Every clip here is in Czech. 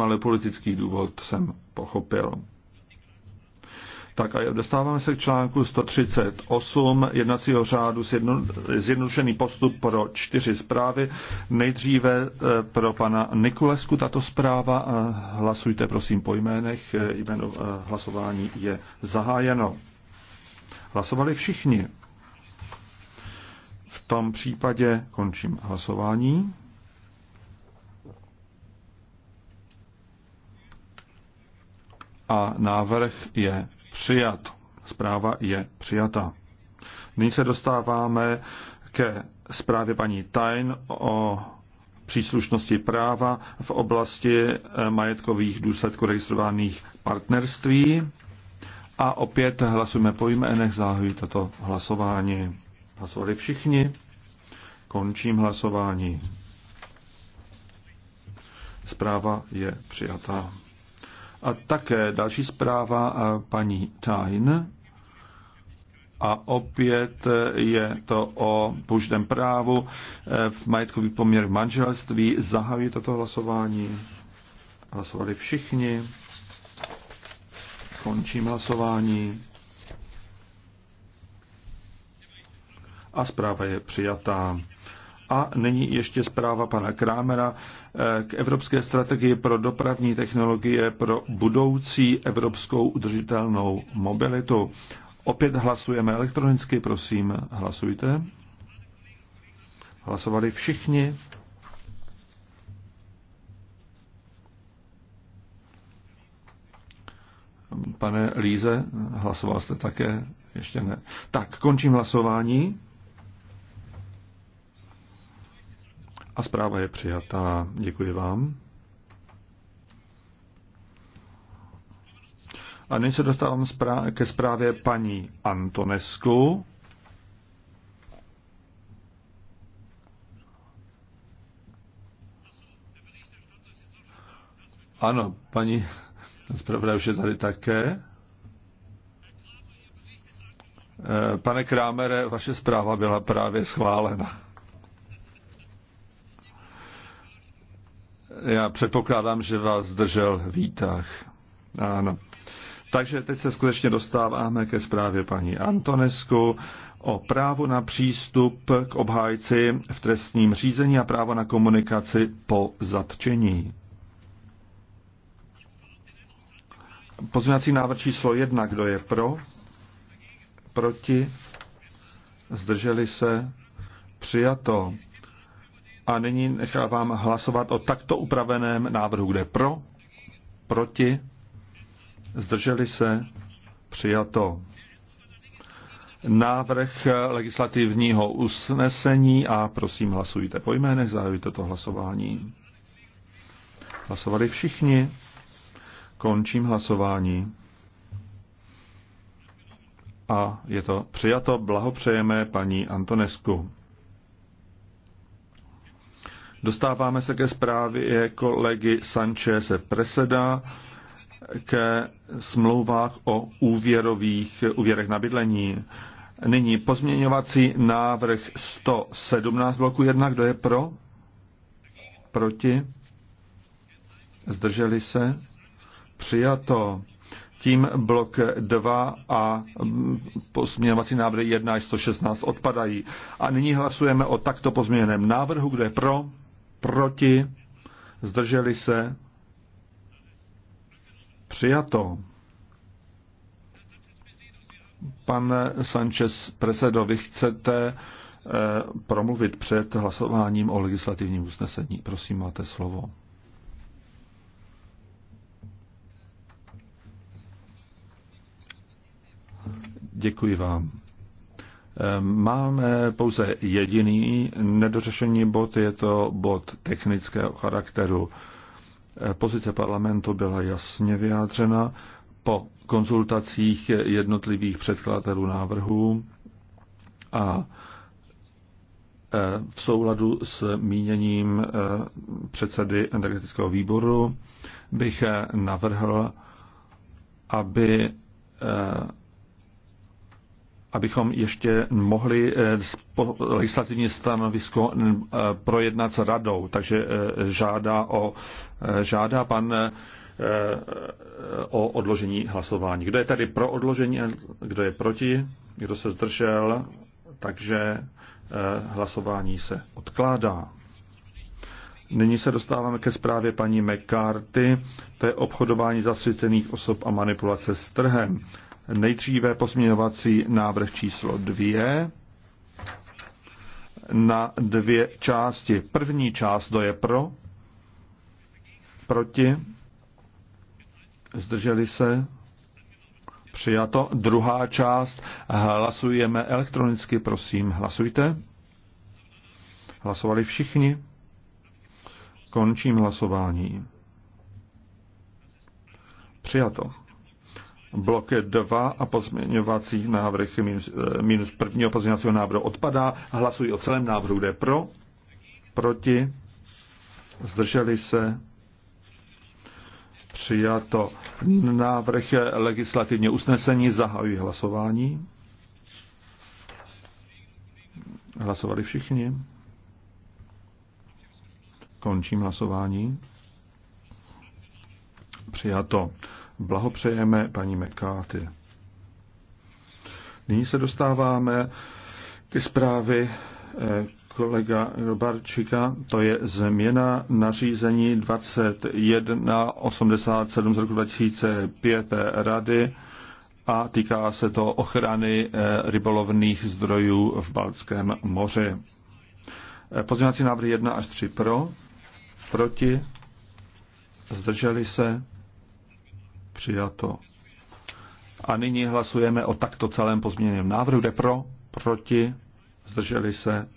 ale politický důvod jsem pochopil. Tak a dostáváme se k článku 138 jednacího řádu zjednodušený postup pro čtyři zprávy. Nejdříve eh, pro pana Nikulesku tato zpráva. Hlasujte prosím po jménech. Eh, jméno eh, hlasování je zahájeno. Hlasovali všichni. V tom případě končím hlasování. a návrh je přijat. Zpráva je přijata. Nyní se dostáváme ke zprávě paní Tain o příslušnosti práva v oblasti eh, majetkových důsledků registrovaných partnerství. A opět hlasujeme po jménech, zahajuji toto hlasování. Hlasovali všichni. Končím hlasování. Zpráva je přijatá. A také další zpráva paní Tain. A opět je to o použitém právu v majetkový poměr manželství. Zahajuji toto hlasování. Hlasovali všichni. Končím hlasování. A zpráva je přijatá. A nyní ještě zpráva pana Krámera eh, k Evropské strategii pro dopravní technologie pro budoucí evropskou udržitelnou mobilitu. Opět hlasujeme elektronicky, prosím, hlasujte. Hlasovali všichni. Pane Líze, hlasoval jste také? Ještě ne. Tak, končím hlasování. A zpráva je přijatá. Děkuji vám. A nyní se dostávám ke zprávě paní Antonesku. Ano, paní zpravodaj už je tady také. Eh, pane Krámere, vaše zpráva byla právě schválena. Já předpokládám, že vás zdržel výtah. Ano. Takže teď se skutečně dostáváme ke zprávě paní Antonesku o právu na přístup k obhájci v trestním řízení a právo na komunikaci po zatčení. Pozměňovací návrh číslo jedna, kdo je pro, proti, zdrželi se, přijato. A nyní nechávám hlasovat o takto upraveném návrhu, kde pro, proti, zdrželi se, přijato. Návrh legislativního usnesení a prosím hlasujte po jménech, zahajujte to hlasování. Hlasovali všichni. Končím hlasování. A je to přijato. Blahopřejeme paní Antonesku. Dostáváme se ke zprávě kolegy Sancheze Preseda ke smlouvách o úvěrových, úvěrech na bydlení. Nyní pozměňovací návrh 117 bloku 1. Kdo je pro? Proti? Zdrželi se? Přijato. Tím blok 2 a pozměňovací návrhy 1 až 116 odpadají. A nyní hlasujeme o takto pozměněném návrhu. Kdo je pro? proti, zdrželi se, přijato. Pan Sanchez Presedo, vy chcete eh, promluvit před hlasováním o legislativním usnesení. Prosím, máte slovo. Děkuji vám. Máme pouze jediný nedořešený bod, je to bod technického charakteru. Pozice parlamentu byla jasně vyjádřena po konzultacích jednotlivých předkladatelů návrhů a e, v souladu s míněním e, předsedy energetického výboru bych e, navrhl, aby abychom ještě mohli eh, legislativní stanovisko eh, projednat s radou. Takže eh, žádá, o, žádá pan o odložení hlasování. Kdo je tady pro odložení, kdo je proti, kdo se zdržel, takže hlasování se odkládá. Nyní se dostáváme ke zprávě paní McCarthy, to je obchodování zasvěcených osob a manipulace s trhem. Nejdříve pozměňovací návrh číslo dvě na dvě části. První část, to je pro, proti, zdrželi se, přijato. Druhá část, hlasujeme elektronicky, prosím, hlasujte. Hlasovali všichni. Končím hlasování. Přijato blok 2 a pozměňovací návrh minus, eh, minus prvního pozměňovacího návrhu odpadá. Hlasují o celém návrhu, kde pro, proti, zdrželi se, přijato. Návrh legislativně usnesení zahajují hlasování. Hlasovali všichni. Končím hlasování. Přijato. Blahopřejeme paní McCarthy. Nyní se dostáváme ke zprávy eh, kolega Robarčika, to je změna nařízení 2187 z roku 2005 Rady a týká se to ochrany eh, rybolovných zdrojů v Balckém moři. Eh, pozměňovací návrhy 1 až 3 pro, proti, zdrželi se, Přijato. A nyní hlasujeme o takto celém pozměněném návrhu. Jde pro, proti, zdrželi se,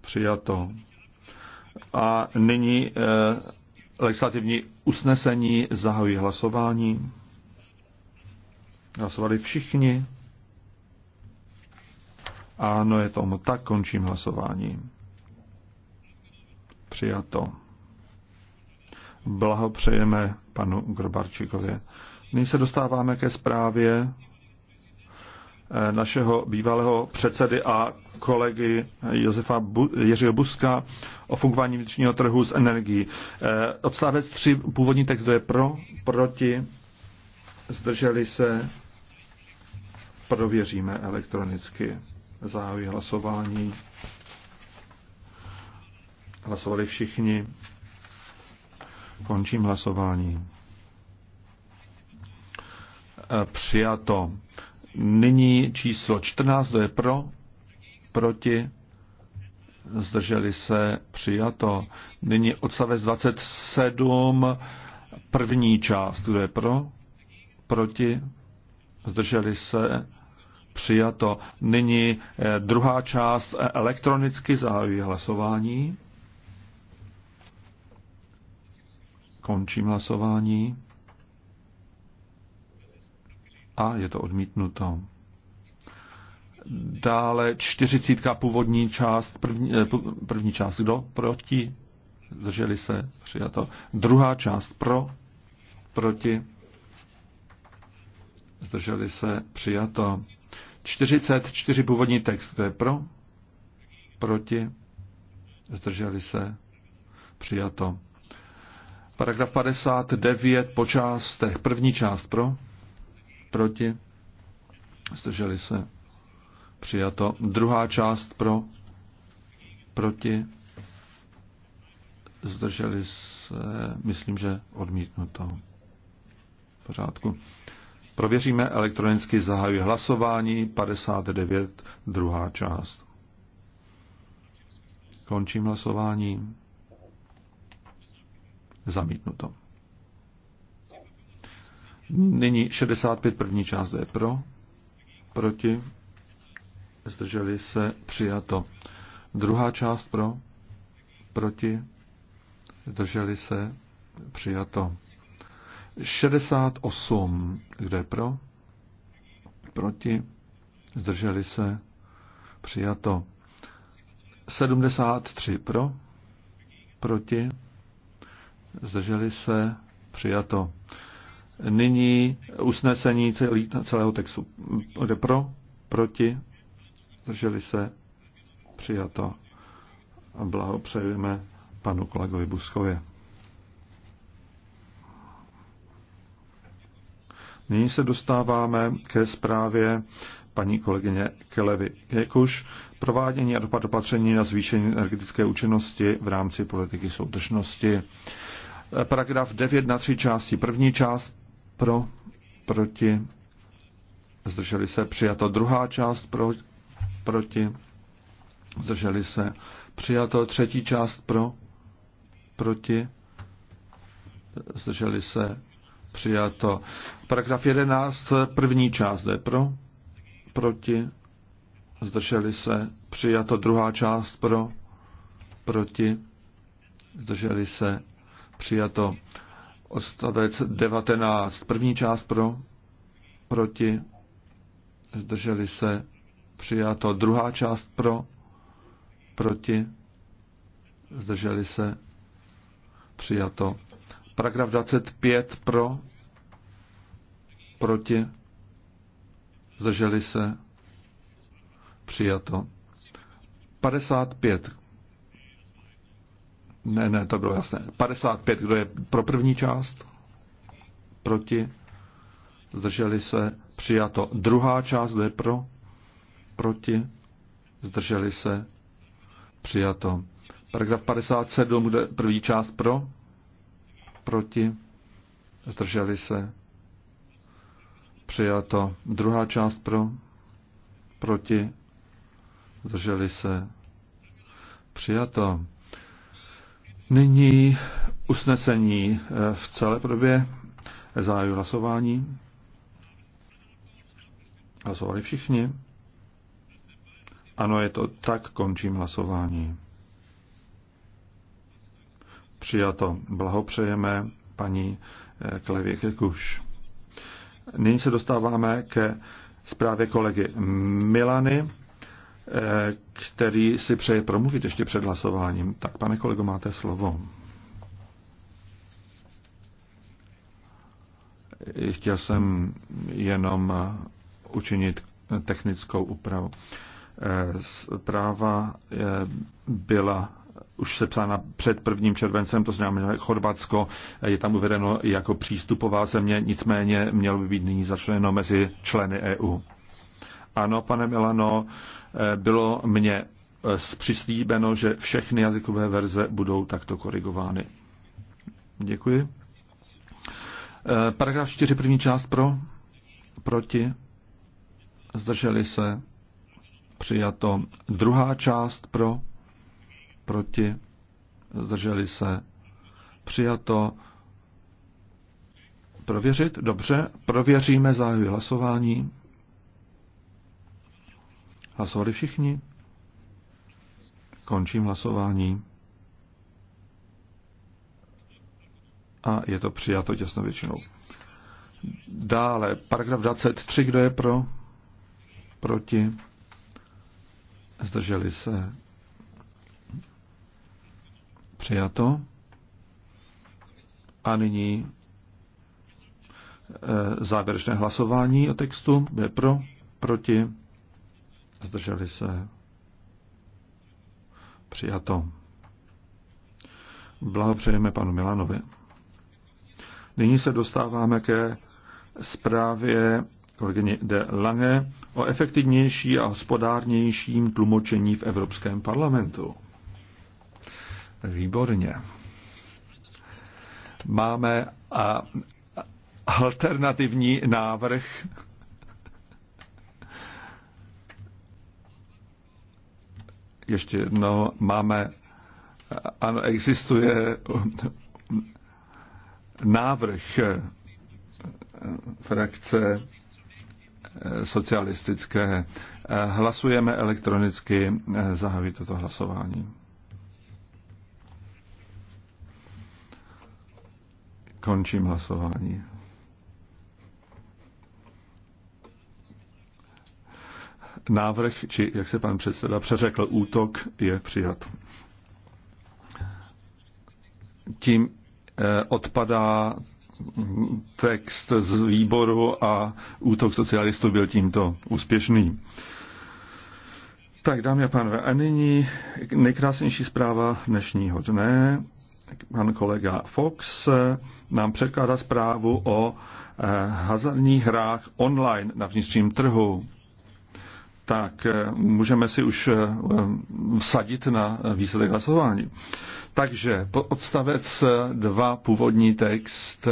přijato. A nyní eh, legislativní usnesení zahajují hlasování. Hlasovali všichni. Ano, je tomu tak, končím hlasování. Přijato. Blahopřejeme panu Grobarčikovi. Nyní se dostáváme ke zprávě eh, našeho bývalého předsedy a kolegy Josefa Bu- Jiřího Buska o fungování vnitřního trhu s energií. Eh, Odstávec 3, původní text je pro, proti, zdrželi se, prověříme elektronicky. Zahájí hlasování. Hlasovali všichni. Končím hlasování přijato. Nyní číslo 14, to je pro, proti, zdrželi se, přijato. Nyní odstavec 27, první část, to je pro, proti, zdrželi se, přijato. Nyní eh, druhá část eh, elektronicky zahajuje hlasování. Končím hlasování a je to odmítnuto. Dále čtyřicítka původní část, první, eh, první část kdo? Proti, zdrželi se, přijato. Druhá část pro, proti, zdrželi se, přijato. 44 původní text, kdo je pro, proti, zdrželi se, přijato. Paragraf 59 po částech. První část pro, proti, zdrželi se, přijato. Druhá část pro, proti, zdrželi se, myslím, že odmítnuto. V pořádku. Prověříme elektronicky zahajuje hlasování 59, druhá část. Končím hlasování. Zamítnuto. Nyní 65 první část je pro, proti, zdrželi se, přijato. Druhá část pro, proti, zdrželi se, přijato. 68, kde pro, proti, zdrželi se, přijato. 73 pro, proti, zdrželi se, přijato. Nyní usnesení celý, celého textu. Jde pro, proti, drželi se, přijato. A blahopřejeme panu kolegovi Buskově. Nyní se dostáváme ke zprávě paní kolegyně Kelevy Kekuš, provádění a dopad opatření na zvýšení energetické účinnosti v rámci politiky soudržnosti. Paragraf 9 na tři části. První část pro, proti, zdrželi se přijato. Druhá část pro, proti, zdrželi se přijato. Třetí část pro, proti, zdrželi se přijato. Paragraf 11, první část jde pro, proti, zdrželi se přijato. Druhá část pro, proti, zdrželi se přijato. Odstavec 19. První část pro, proti, zdrželi se, přijato. Druhá část pro, proti, zdrželi se, přijato. Paragraf 25 pro, proti, zdrželi se, přijato. 55 ne, ne, to bylo jasné. 55, kdo je pro první část? Proti? Zdrželi se? Přijato. Druhá část, kdo je pro? Proti? Zdrželi se? Přijato. Paragraf 57, kde první část pro? Proti? Zdrželi se? Přijato. Druhá část pro? Proti? Zdrželi se? Přijato. Nyní usnesení eh, v celé podobě zájmu hlasování. Hlasovali všichni? Ano, je to tak, končím hlasování. Přijato. Blahopřejeme paní eh, Klevě Kekuš. Nyní se dostáváme ke zprávě kolegy Milany který si přeje promluvit ještě před hlasováním. Tak, pane kolego, máte slovo. Chtěl jsem jenom učinit technickou úpravu. Zpráva eh, byla už sepsána před prvním červencem, to znamená, že Chorvatsko eh, je tam uvedeno jako přístupová země, nicméně mělo by být nyní začleno mezi členy EU. Ano, pane Milano, eh, bylo mně eh, přislíbeno, že všechny jazykové verze budou takto korigovány. Děkuji. Eh, paragraf 4, první část pro, proti, zdrželi se, přijato. Druhá část pro, proti, zdrželi se, přijato. Prověřit? Dobře, prověříme záhy hlasování. Hlasovali všichni? Končím hlasování. A je to přijato těsnou většinou. Dále, paragraf 23, kdo je pro? Proti? Zdrželi se? Přijato. A nyní eh, závěrečné hlasování o textu. Kdo je pro? Proti? zdrželi se, přijato. Blahopřejeme panu Milanovi. Nyní se dostáváme ke zprávě kolegyně de Lange o efektivnější a hospodárnějším tlumočení v Evropském parlamentu. Výborně. Máme a alternativní návrh ještě jedno, máme, ano, existuje návrh frakce socialistické. Hlasujeme elektronicky, zahaví toto hlasování. Končím hlasování. návrh, či jak se pan předseda přeřekl, útok je přijat. Tím eh, odpadá text z výboru a útok socialistů byl tímto úspěšný. Tak, dámy a pánové, a nyní nejkrásnější zpráva dnešního dne. Pan kolega Fox eh, nám překládá zprávu o eh, hazardních hrách online na vnitřním trhu tak eh, můžeme si už eh, vsadit na výsledek hlasování. Takže po odstavec 2 eh, původní text,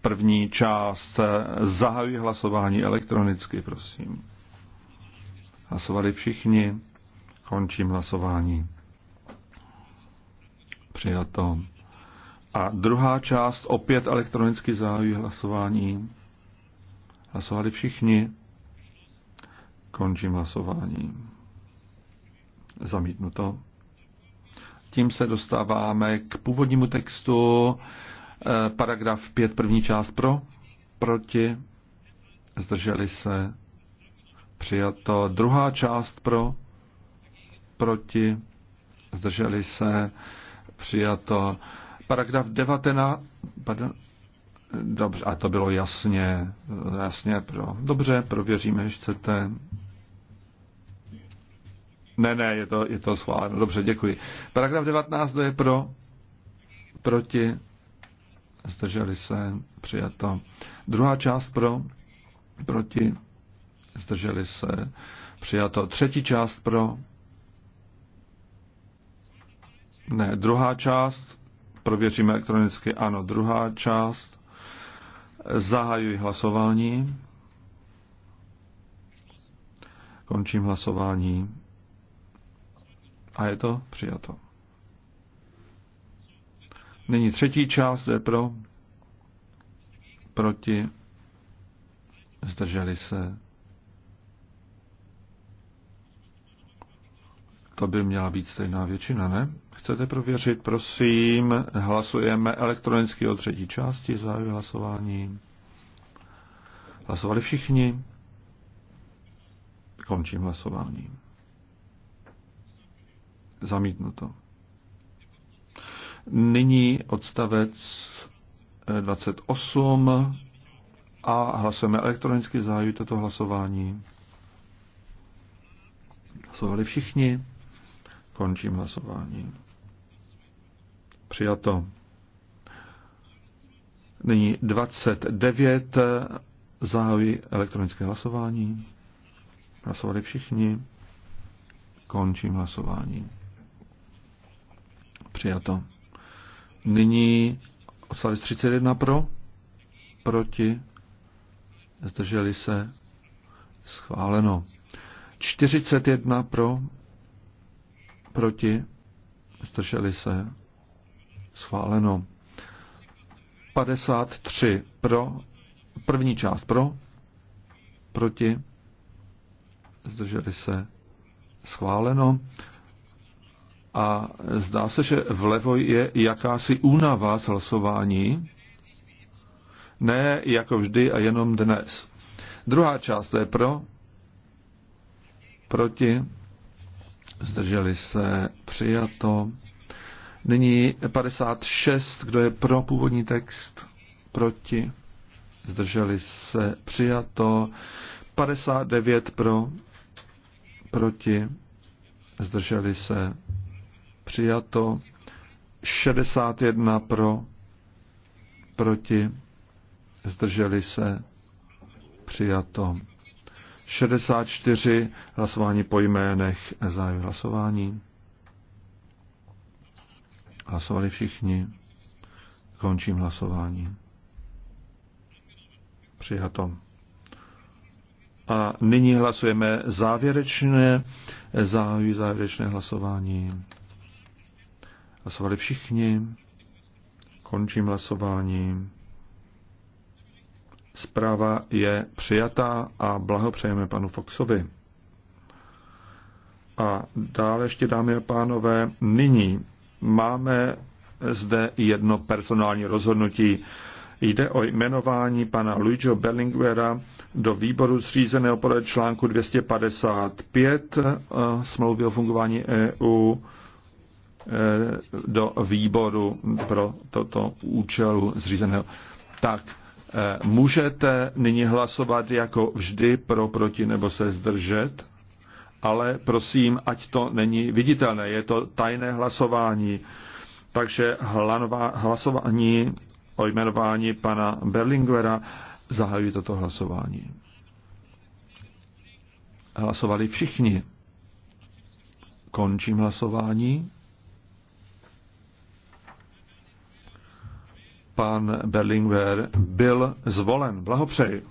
první část, zahajuji hlasování elektronicky, prosím. Hlasovali všichni, končím hlasování. Přijato. A druhá část opět elektronicky zahajuji hlasování. Hlasovali všichni. Končím hlasování. Zamítnuto. Tím se dostáváme k původnímu textu. Eh, paragraf 5, první část pro, proti, zdrželi se, přijato. Druhá část pro, proti, zdrželi se, přijato. Paragraf 19, pardon, Dobře, a to bylo jasně, jasně pro... Dobře, prověříme, že chcete. Ne, ne, je to, je to schváleno. Dobře, děkuji. Paragraf 19, to je pro, proti, zdrželi se, přijato. Druhá část pro, proti, zdrželi se, přijato. Třetí část pro, ne, druhá část, prověříme elektronicky, ano, druhá část, Zahajuji hlasování. Končím hlasování. A je to přijato. Nyní třetí část, to je pro, proti, zdrželi se. To by měla být stejná většina, ne? Chcete prověřit, prosím, hlasujeme elektronicky o třetí části, za hlasování. Hlasovali všichni? Končím hlasování. Zamítnuto. Nyní odstavec 28 a hlasujeme elektronicky, zahajuji toto hlasování. Hlasovali všichni? Končím hlasování. Přijato. Nyní 29. Zahajuji elektronické hlasování. Hlasovali všichni. Končím hlasování. Přijato. Nyní odstavec 31 pro, proti, zdrželi se, schváleno. 41 pro, proti, zdrželi se, schváleno. 53 pro, první část pro, proti, zdrželi se, schváleno. A zdá se, že vlevo je jakási únava z hlasování, ne jako vždy a jenom dnes. Druhá část je pro, proti, zdrželi se, přijato. Nyní 56, kdo je pro původní text, proti, zdrželi se, přijato. 59 pro, proti, zdrželi se, přijato. 61 pro, proti, zdrželi se, přijato. 64 hlasování po jménech zájem hlasování. Hlasovali všichni. Končím hlasování. Přijato. A nyní hlasujeme závěrečné, zahajuji závěrečné hlasování. Hlasovali všichni. Končím hlasování. Zpráva je přijatá a blahopřejeme panu Foxovi. A dále ještě, dámy a pánové, nyní máme zde jedno personální rozhodnutí. Jde o jmenování pana Luigio Bellinguera do výboru zřízeného podle článku 255 eh, smlouvy o fungování EU eh, do výboru pro toto účelu zřízeného. Tak, Eh, můžete nyní hlasovat jako vždy pro, proti nebo se zdržet, ale prosím, ať to není viditelné. Je to tajné hlasování. Takže hlasování o jmenování pana Berlinguera zahajuji toto hlasování. Hlasovali všichni. Končím hlasování. pan Berlingwer byl zvolen. Blahopřeji.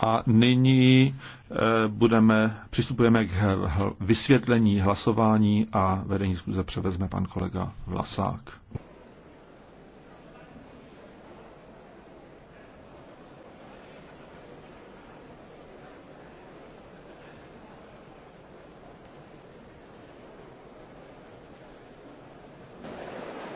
A nyní eh, budeme, přistupujeme k vysvětlení hlasování a vedení schůze převezme pan kolega Vlasák.